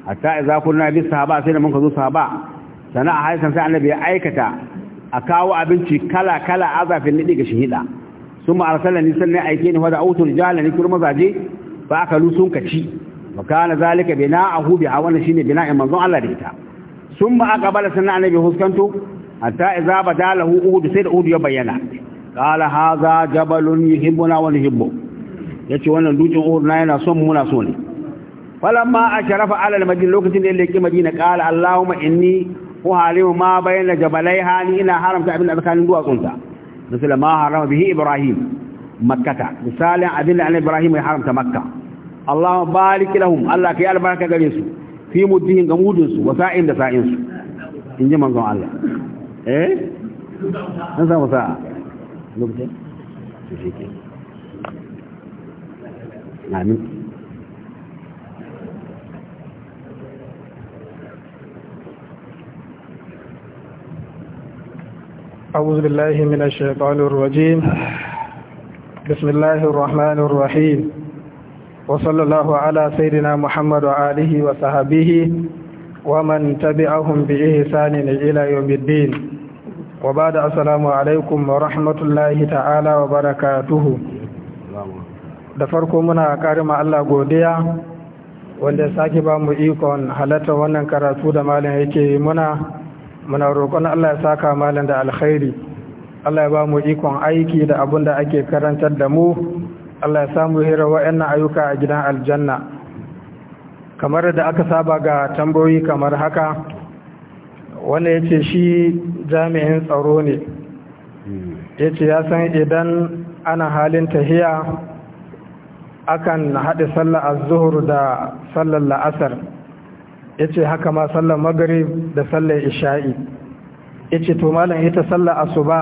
hatta idza kunna bi sahaba sai da mun ka zo sahaba sana a haisan sai annabi ya aikata a kawo abinci kala kala azafin nidi ga shahida summa arsalani sannan aike ni wada autul jala ni kurma zaje fa aka lusun kaci wa na zalika bina'ahu a wannan shine bina'in manzon Allah da ita summa aqbala sannan annabi huskanto hatta ba badalahu uhud sai da uhud ya bayyana qala hadha jabalun wani wa Ya ce wannan dutsen uhud na yana son muna so ne falamma sharafa ala al-madina lokacin da ya yake madina qala allahumma inni ko harimu ma bayyana jabalai hali ina haramta abin da tsakanin duwatsunta misali ma harama bihi ibrahim makkata misalin abin da annabi ibrahim ya haramta makka allahumma barik lahum allah kai albarka gare su fi muddihim ga mudin su wa sa'in da sa'in su in ji manzon allah eh an samu sa'a lokacin shi ke amin أعوذ بالله من الشيطان الرجيم بسم الله الرحمن الرحيم وصلى الله على سيدنا محمد وآله وصحبه ومن تبعهم بإحسان إلى يوم الدين وبعد السلام عليكم ورحمة الله تعالى وبركاته da farko muna karima Allah godiya wanda sake ba mu ikon halatta wannan karatu da malam yake muna muna roƙon Allah ya saka malam da alkhairi Allah ya ba mu ikon aiki da abun da ake karantar da mu Allah ya samu hira wa'annan ayyuka a gidan aljanna kamar da aka saba ga tambayoyi kamar haka wanda ya ce shi jami'in tsaro ne ya ce ya san idan ana halin tahiya akan haɗe sallar zuhur da sallar la'asar ya ce haka ma sallar magarib da sallar isha'i ya ce to malam ita sallar asuba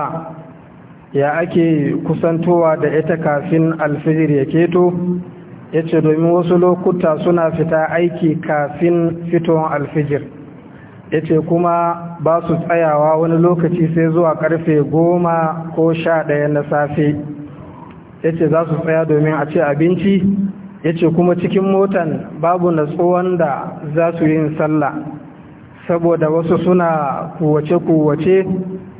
ya ake kusantowa da ita kafin alfijir ya keto ya ce domin wasu lokuta suna fita aiki kafin fitowar alfijir ya ce kuma ba su tsayawa wani lokaci sai zuwa karfe goma ko sha ɗaya na safe ya ce za su tsaya domin a ce abinci ya ce kuma cikin motan babu natsuwan da za su yi sallah saboda wasu suna kuwace-kuwace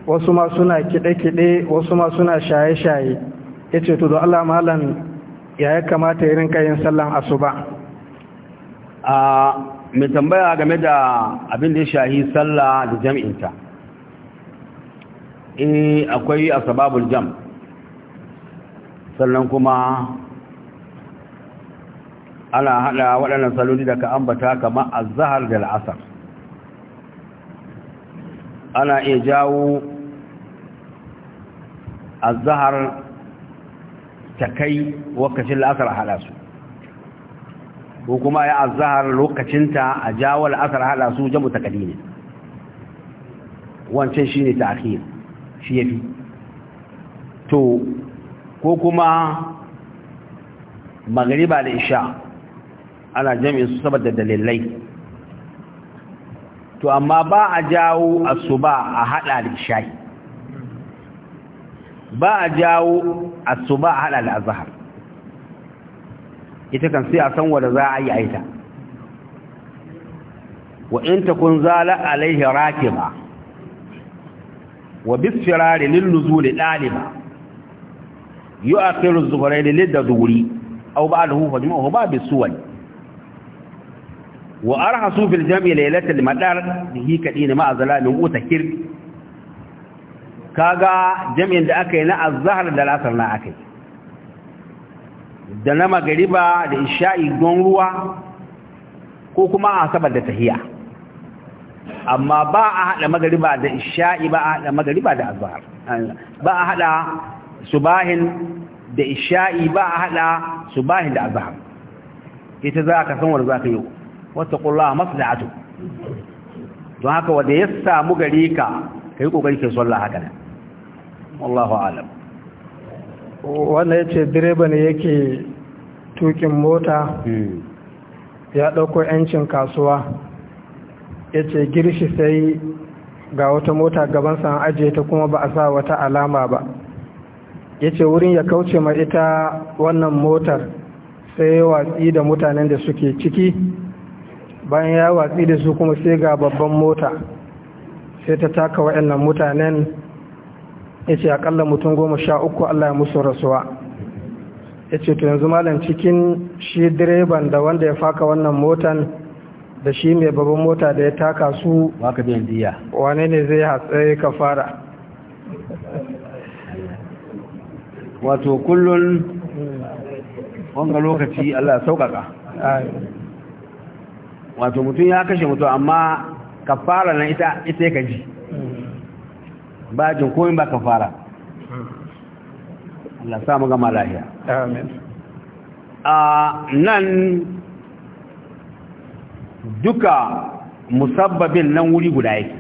wasu ma suna kide-kide wasu ma suna shaye-shaye ya ce tudu Allah malam ya yi kamata irin kayan sallan asuba a mai tambaya game da abin da ya shahi sallah da jam'inta in eh, akwai asbabul jam sannan kuma ana hada waɗannan saloli da ka ambata kamar azhar da al'asr ana iya jawo azhar ta kai lokacin al'asr hada su ko kuma ya azhar lokacinta a jawo al'asr hada su jamu ne. wancan shine ta'khir shi yafi to ko kuma magriba da isha ana jami'in su saboda dalilai to amma ba a jawo asuba a hada da shayi ba a jawo asuba a hada da azhar ita kan sai a san wanda za a yi aita wa in takun zala alaihi rakiba wa bisfirari lil nuzul daliba yu'akhiru az-zuhrayn lid-dhuhri aw ba'dahu fajmuhu ba bisuwani wa arhasu fil jam'i lailatul madar bihi kadina ma azalamin utakir kaga jami'in da aka yi na azhar da lasar na aka da na magariba da isha'i don ruwa ko kuma a sabar da tahiya amma ba a haɗa magariba da isha'i ba a haɗa magariba da azhar ba a haɗa subahin da isha'i ba a haɗa subahin da azhar ita za ka san wanda za ka yi واتقوا الله ما don haka wadda ya samu gari ka Ka yi ƙoƙari ke sallah haka ne wallahu alam wanda ce direba ne yake tukin mota ya ɗauko yancin kasuwa Ya ce girshi sai ga wata mota gaban san ajiye ta kuma ba a sa wata alama ba Ya ce wurin ya kauce ma ita wannan motar sai watsi da mutanen da suke ciki bayan ya watsi da su kuma sai ga babban mota sai ta taka wa'annan mutanen ya ce akalla mutum goma sha uku allah ya musu rasuwa ya ce to yanzu malam cikin shi direban da wanda ya faka wannan motan da shi mai babban mota da ya taka su wane ne zai hatsari ka fara wato kullum wanga lokaci allah ya sauƙaƙa wato mutum ya kashe mutum amma kafara na ita ita ya kaji ba jin koyin ba kafara Allah samu gama lahiya a nan duka musabbabin nan wuri guda yake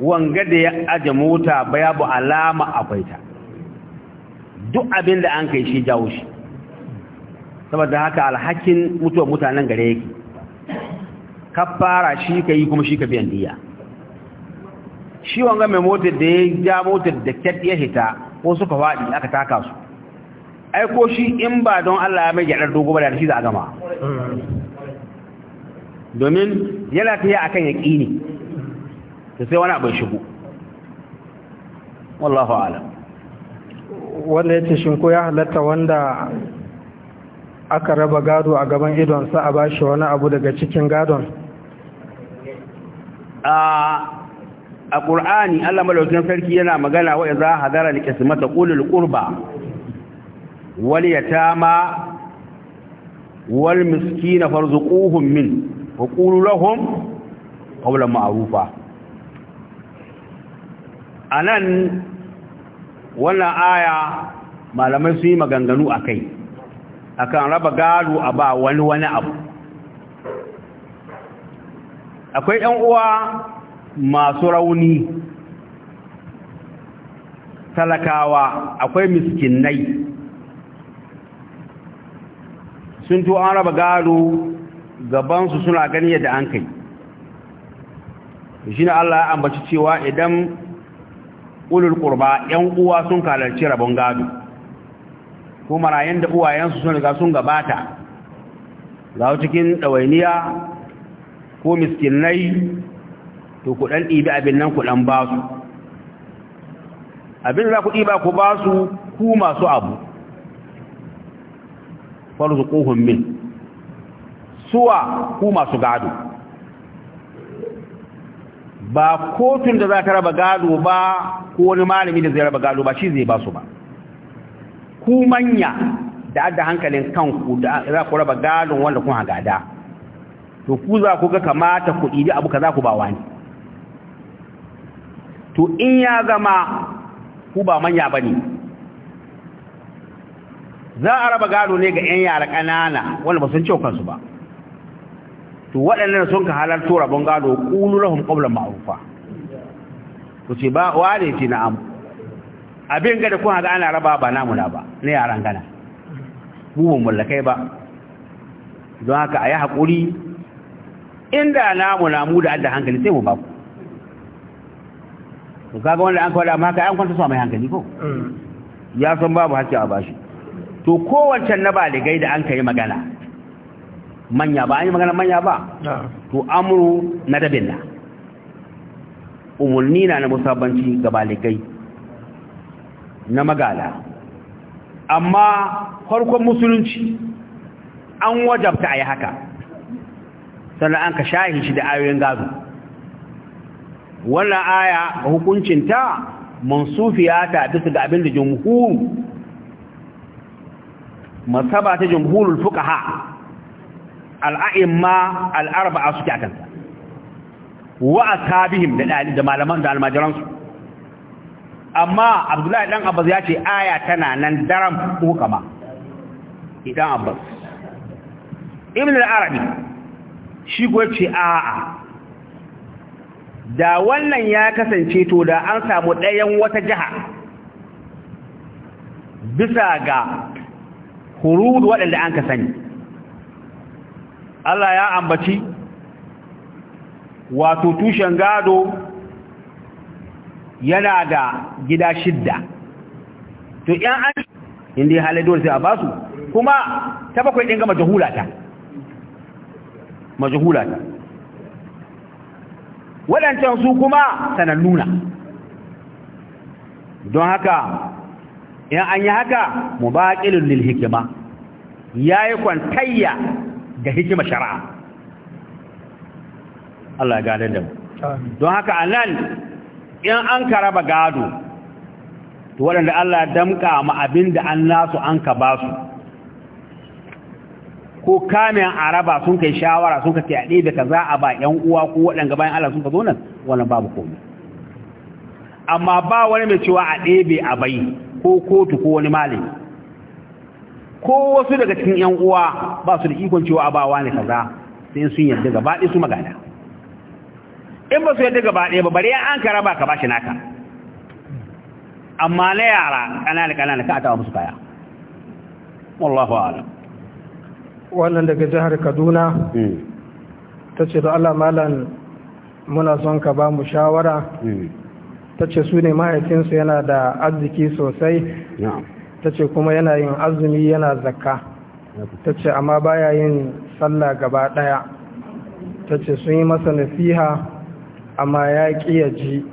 wanga da ya aje mota bu alama akwai ta duk abin da an kai shi jawo shi saboda haka alhakin mutuwar mutanen gare yake kafara shi ka yi kuma shi ka biyan diya shi wanga mai motar da ya ja motar da kyat ya hita ko suka faɗi aka taka su ai shi in ba don Allah ya mai gyaɗar dogo ba da shi za a gama domin yana ta yi a kan yaƙini ta sai wani abin shigo wallahu alam wanda ya ce shinko ya halatta wanda aka raba gado a gaban idon idonsa a bashi wani abu daga cikin gadon a ƙur'ani allah malaukin sarki yana magana wa za a hadara da kismata ƙulul ƙurba wani ya wal miskina farzuquhum min wa qulu lahum qawla ma'rufa anan wannan aya malamai su yi maganganu a kai akan raba garu a ba wani wani abu akwai ‘yan uwa masu rauni talakawa akwai miskinai sun to an raba gado gabansu suna gani yadda an kai shi Allah ya ambaci cewa idan ulul ƙurba ‘yan uwa sun kalarci rabon gado ko marayen da uwayensu sun riga sun gabata za cikin ɗawainiya ko miskinai to ku ɗan ɗibi abin nan ku ba su abin za ku ɗiba ku ba ku masu abu farzu ƙuhun min suwa ku masu gado ba kotun da za ta raba gado ba ko wani malami da zai raba gado ba shi zai ba su ba ku manya da adda hankalin kanku da za ku raba gadon wanda kun hagada, to ku za ku ga kamata ku idi abu kaza ku ba wani to in ya zama ku ba manya ba ne za a raba gado ne ga 'yan yara ƙanana wanda ba sun ce kansu ba to waɗannan sun ka halar rabon gado ƙulu rahun ƙoblan ma'arufa ku ce ba wa ne ce na'am abin ga da kuma ga ana raba ba namuna ba na yaran gana mu mallakai ba don haka ayi hakuri inda namuna mu da Allah hankali sai mu ba ku to kaga wanda an kawada maka an kwanta so mai hankali ko mm. ya san babu hakki a bashi to kowace na baligai da an kai magana manya ba an yi magana manya ba to amru na dabinna umulni na na musabbanci ga baligai na magala amma farkon musulunci an wajabta a yi haka sannan an ka shahin shi da ayoyin gazu wannan aya hukuncinta mansufiya ta bisa ga abin da jumhur masaba ta jumhurul fuqaha al'a'imma al'arba'a suke kansa. wa ashabihim da da malaman da almajiransu amma abdullahi dan abbas ya ce aya tana nan daram ko kama idan abbas ibn al-arabi shi ko ce a'a da wannan ya kasance to da an samu ɗayan wata jaha. bisa ga hurud waɗanda an ka sani Allah ya ambaci wato tushen gado yana da gida shidda to yan an inda ya halar dole sai a basu kuma ta bakwai ɗin ga majahulata majahulata waɗancan su kuma sanannuna don haka yan an yi haka mubaƙilun lil hikima ya yi kwantayya ga hikima shara'a. Allah ya gadar da mu don haka a nan in an ka raba gado to waɗanda Allah damƙa ma abin da an nasu an ka ba su ko kamin araba sun kai shawara sun ka tsaye da kaza a ba 'yan uwa ko waɗanda bayan Allah sun ka zo nan wannan babu komai amma ba wani mai cewa a ɗebe a bai ko kotu ko wani malami ko wasu daga cikin ƴan uwa ba su da ikon cewa a ba wani kaza sai sun yarda gaba ɗaya su magana in ba su yadda gaba ɗaya ba bari an kara ba ka ba shi naka amma na yara ƙanana ƙanana ka atawa musu kaya wallahu ala wannan daga jihar Kaduna hmm. ta ce da Allah malan muna son ka ba mu shawara hmm. ta ce su ne mahaifinsu yana da arziki sosai ta ce kuma yana yin azumi yana zakka ta ce amma baya yin sallah gaba ɗaya. ta ce sun yi masa nasiha amma ya ƙi ya ji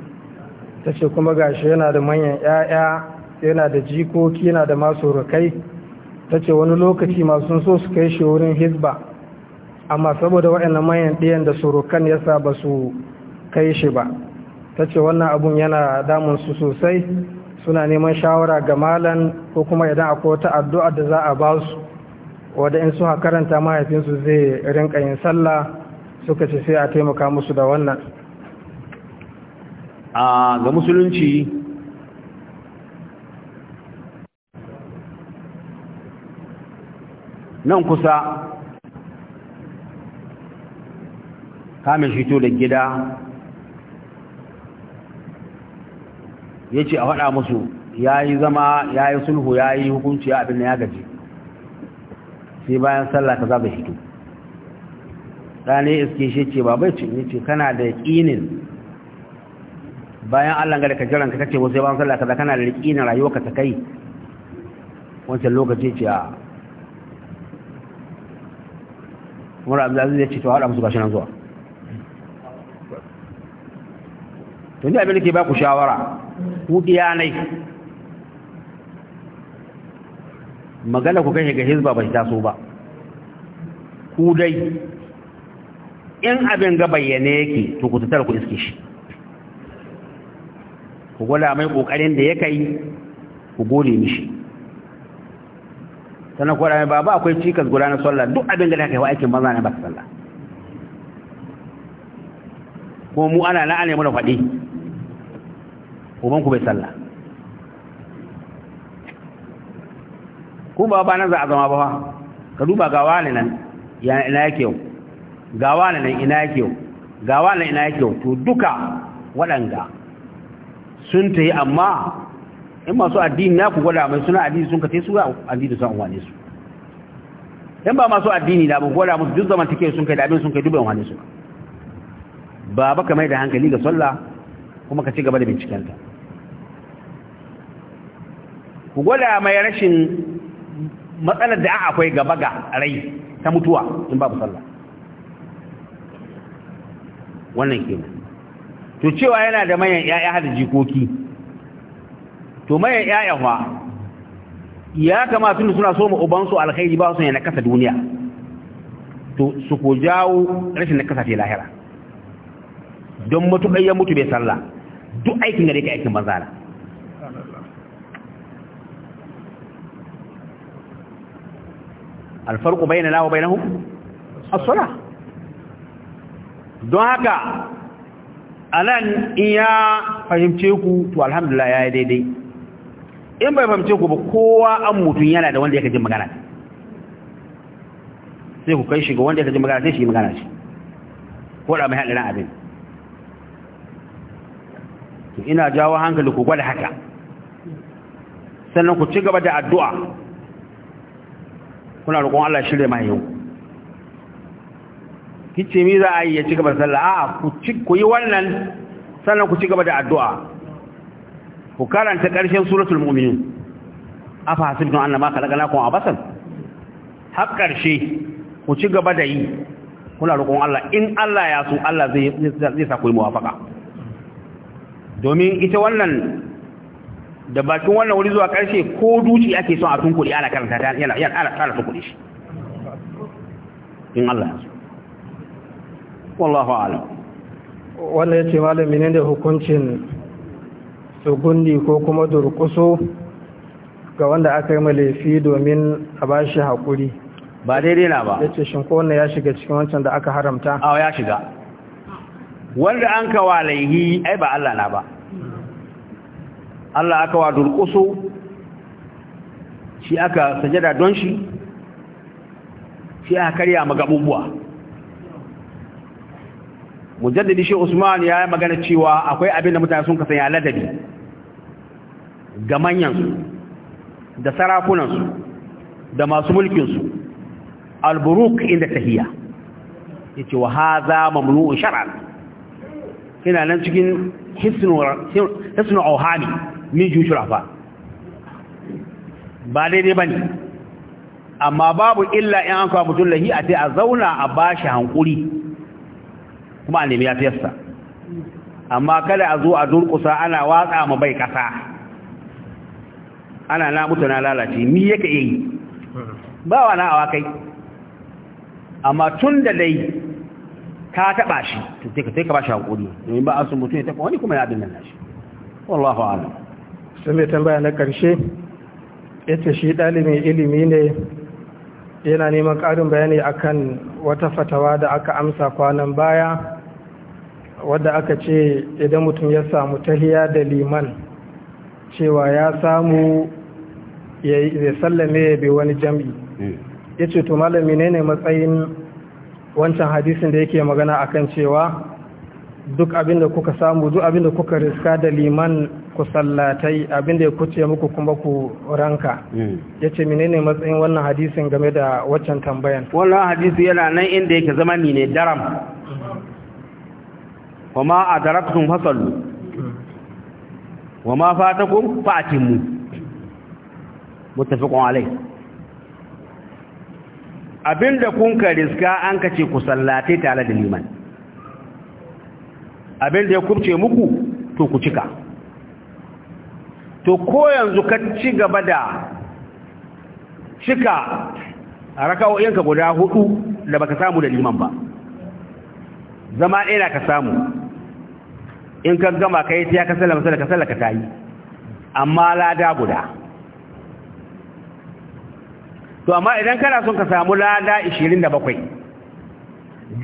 ta ce kuma gashi yana da manyan 'ya'ya yana da jikoki yana da masu rukai ta ce wani lokaci masu so su kai shi wurin hizba amma saboda waɗannan manyan ɗiyan da surukan ya sa ba su kai shi ba ta ce wannan abun yana damun su sosai suna neman shawara ga malan ko kuma idan akwai wata addu'a da za a ba su wadda in karanta mahaifinsu zai rinka yin sallah suka ce sai a taimaka musu da wannan a ga musulunci nan kusa kamin shito da gida ya ce a faɗa musu ya yi zama ya yi sulhu ya yi hukunci ya abin da ya gaji sai bayan sallah ka za da fito ɗane iske shi ce ba bai ce kana da ƙinin bayan Allah ga da kajiran ka kace wasu ban sallah kaza kana da na rayuwa ka ta kai wancan lokaci ce a Umar Aziz ya ce to haɗa musu gashi nan zuwa to ni abin da ke ba ku shawara ku nai magana ku kai ga hizba ba shi taso ba ku dai in abin ga bayyane yake to ku tattar ku iske shi ku gwada mai kokarin da ya kai ku gode mishi sannan ku gwada mai ba akwai cikas guda na sallah duk abin da na kai wa aikin maza na ba ta sallah Ko mu ana na'ane muna faɗi ku bai sallah Ku ba nan za a zama ba ka duba ga wani nan ina yake yau ga wani nan ina yake yau ga wani ina yake yau to duka waɗanda sun ta yi amma in masu addini na ku gwada mai suna addini sun ka te su ga addini sun wane su in ba masu addini na ba gwada musu duk zaman take sun kai da abin sun kai dubban wane su ba ba ka mai da hankali ga sallah kuma ka ci gaba da bincikanta, ku gwada mai rashin matsalar da akwai gaba ga rai ta mutuwa in babu sallah wannan kenan to cewa yana da manyan ƴaƴa har jikoki to manyan ƴaƴa fa ya kamata tun suna so mu uban su alkhairi ba su ne na kasa duniya to su ko jawo rashin na kasa ta lahira don mutuƙai ya mutu bai salla duk aikin da yake aikin banza na alfarku bayyana na wa bayyanahu as-salah don haka anan in ya fahimce ku to alhamdulillah ya yi daidai in bai fahimce ku ba kowa an mutum yana da wanda ya kaji magana sai ku kai shiga wanda ya kaji magana sai shi magana shi ko da mai haɗin abin ina jawo hankali ku gwada haka sannan ku ci gaba da addu'a kuna roƙon Allah shirya mahaihu kice mi za a yi ya ci gaba da sallah a'a ku ci ku yi wannan sannan ku ci gaba da addu'a ku karanta ƙarshen suratul mu'minin afa hasibtum annama khalaqnakum abasan har karshe ku ci gaba da yi kuna roƙon Allah in Allah ya so Allah zai zai sa ku yi muwafaka domin ita wannan da bakin wannan wuri zuwa ƙarshe ko duci ake son a tunkuri ana karanta yana yana ana tsara tunkuri shi in Allah ya so wallahu alam wannan ya ce malami ne da hukuncin tsugundi ko kuma durkuso ga wanda aka yi malafi domin a ba shi haƙuri ba daidai na ba ya ce shinkona ya shiga cikin wancan da aka haramta a ya shiga wanda an kawa laihi ai ba Allah na ba Allah aka wa durkuso shi aka sajada don shi shi aka karya magabubuwa mujaddidi shi usman ya yi magana cewa akwai abin da mutane sun kasance ladabi ga manyansu da sarakunansu da masu mulkinsu alburuk inda tahiyya ya ce wa haza mamnu'un shar'an Kina nan cikin hisnu auhani min jushurafa ba daidai ba ne amma babu illa in an kawo mutum lahi a ce a zauna a ba shi hankuri kuma a nemi yafiyarsa amma kada a zo a durkusa ana watsa ma bai kasa ana na mutu na lalace ni yake yi ba wa na kai amma tun da dai ka taɓa shi to sai ka sai ka ba shi hankuri domin ba a sun mutum ya taɓa wani kuma ya abin nan shi wallahu a'lam sai mai tambaya na ƙarshe yace shi dalibin ilimi ne yana neman ƙarin bayani akan wata fatawa da aka amsa kwanan baya wadda aka ce idan mutum ya samu tahiya da liman cewa ya samu ya sallame bai wani jam'i eh. ya ce to malami ne ne matsayin wancan hadisin da yake magana akan cewa duk abinda kuka samu duk abinda kuka riska da liman ku sallatai abinda ya kuce muku kuma ku ranka eh. ya ce menene matsayin wannan hadisin game da waccan tambayan wannan hadisi yana nan inda yake zama ne daram mm. wa ma adaraktum fasallu wa ma fatakum fatimu muttafaqun alai abinda kun ka riska an kace ku sallate tare da liman da ya kubce muku to ku cika to ko yanzu ka ci gaba da cika raka'o'inka guda hudu da baka samu da liman ba zama ina ka samu in ka gama ka yi ta ya ka sallama sallaka sallaka ta yi amma lada guda to amma idan kana son ka samu lada 27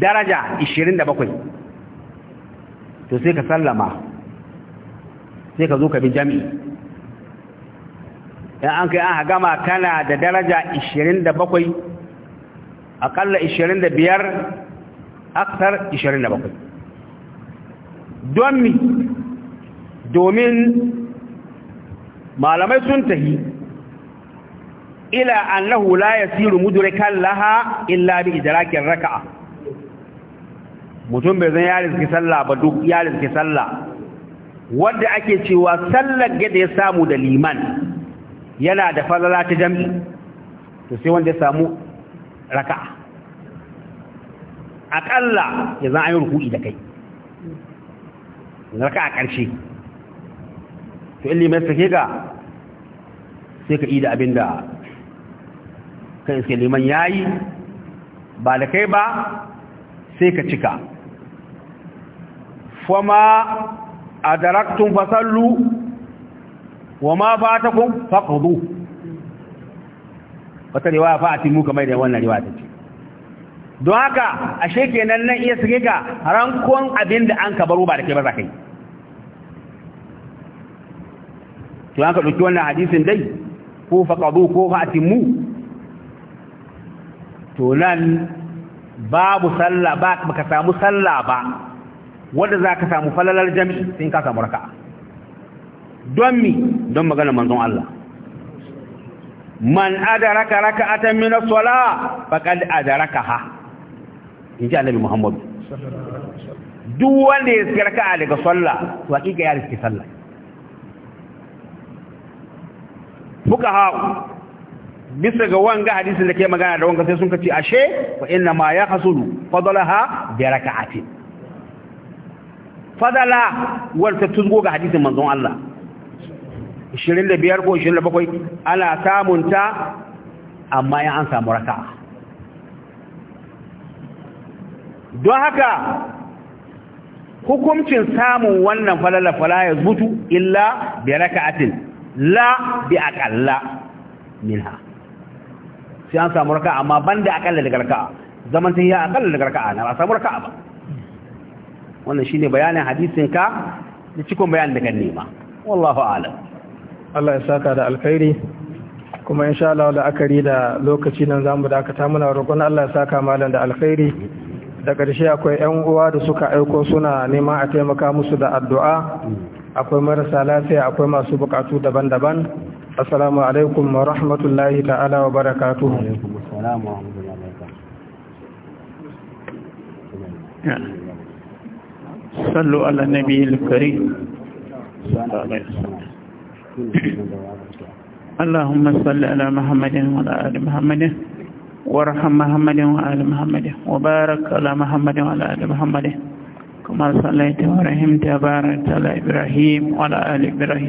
daraja 27 to sai ka sallama sai ka zo ka bi jami'i in an kai an gama kana da daraja 27 akalla 25 aksar 27 don mi domin malamai sun tahi ila annahu la yasiru mudrikan laha illa bi idrakin raka'a mutum bai zan yarin ki sallah ba duk yarin ki sallah wanda ake cewa sallar gada ya samu da liman yana da falala ta jam'i to sai wanda ya samu raka'a aƙalla ya zan ayi ruku'i da kai raka a ƙarshe to in limai sake ka sai ka ida abin da kan iske liman ya yi ba da kai ba sai ka cika fama a daraktun fasallu wa ma ba ta kun faƙudu wata riwaya fa'atin muka mai da wannan riwaya ta ce don haka ashe kenan nan iya ga rankon abin da an ka baro ba da ke ba za ka yi to an ka ɗauki wannan hadisin dai ko faqadu ko fa'atinmu to nan babu sallah ba ka samu sallah ba wanda za ka samu falalar jami'i sai ka samu raka'a don mi don magana manzon Allah man adaraka raka'atan min as-salah faqad adarakaha inji annabi Muhammad duk wanda ya sirka daga sallah to hakika ya riski sallah fuqaha bisa ga wanga hadisin da ke magana da wanga sai sun kace ashe wa inna ma ya hasulu fadalaha bi rak'ati fadala wal ta tuzgo ga hadisin manzon Allah 25 ko 27 ana samun ta amma ya an samu raka'a don haka hukumcin samun wannan falala fala ya zutu illa bi raka'atin la bi aqalla minha sai an samu raka'a amma banda aqalla daga raka'a zaman sai ya aqalla daga raka'a na ba samu raka'a ba wannan shine bayanin hadisin ka da cikon bayanin daga nema wallahu a'lam Allah ya saka da alkhairi kuma insha Allah da akari da lokaci nan zamu dakata muna roƙon Allah ya saka malam da alkhairi da ƙarshe akwai ƴan uwa da suka aiko suna neman a taimaka musu da addu'a akwai marasa lafiya akwai masu bukatu daban-daban assalamu alaikum wa rahmatullahi ta'ala wa barakatu. sallu ala nabi al-karim اللهم صل على ala muhammadin ال محمد muhammadin, محمد وعلى ال محمد وبارك ala muhammadin وعلى ال كما صليت ورحمت وباركت على إبراهيم وعلى آل إبراهيم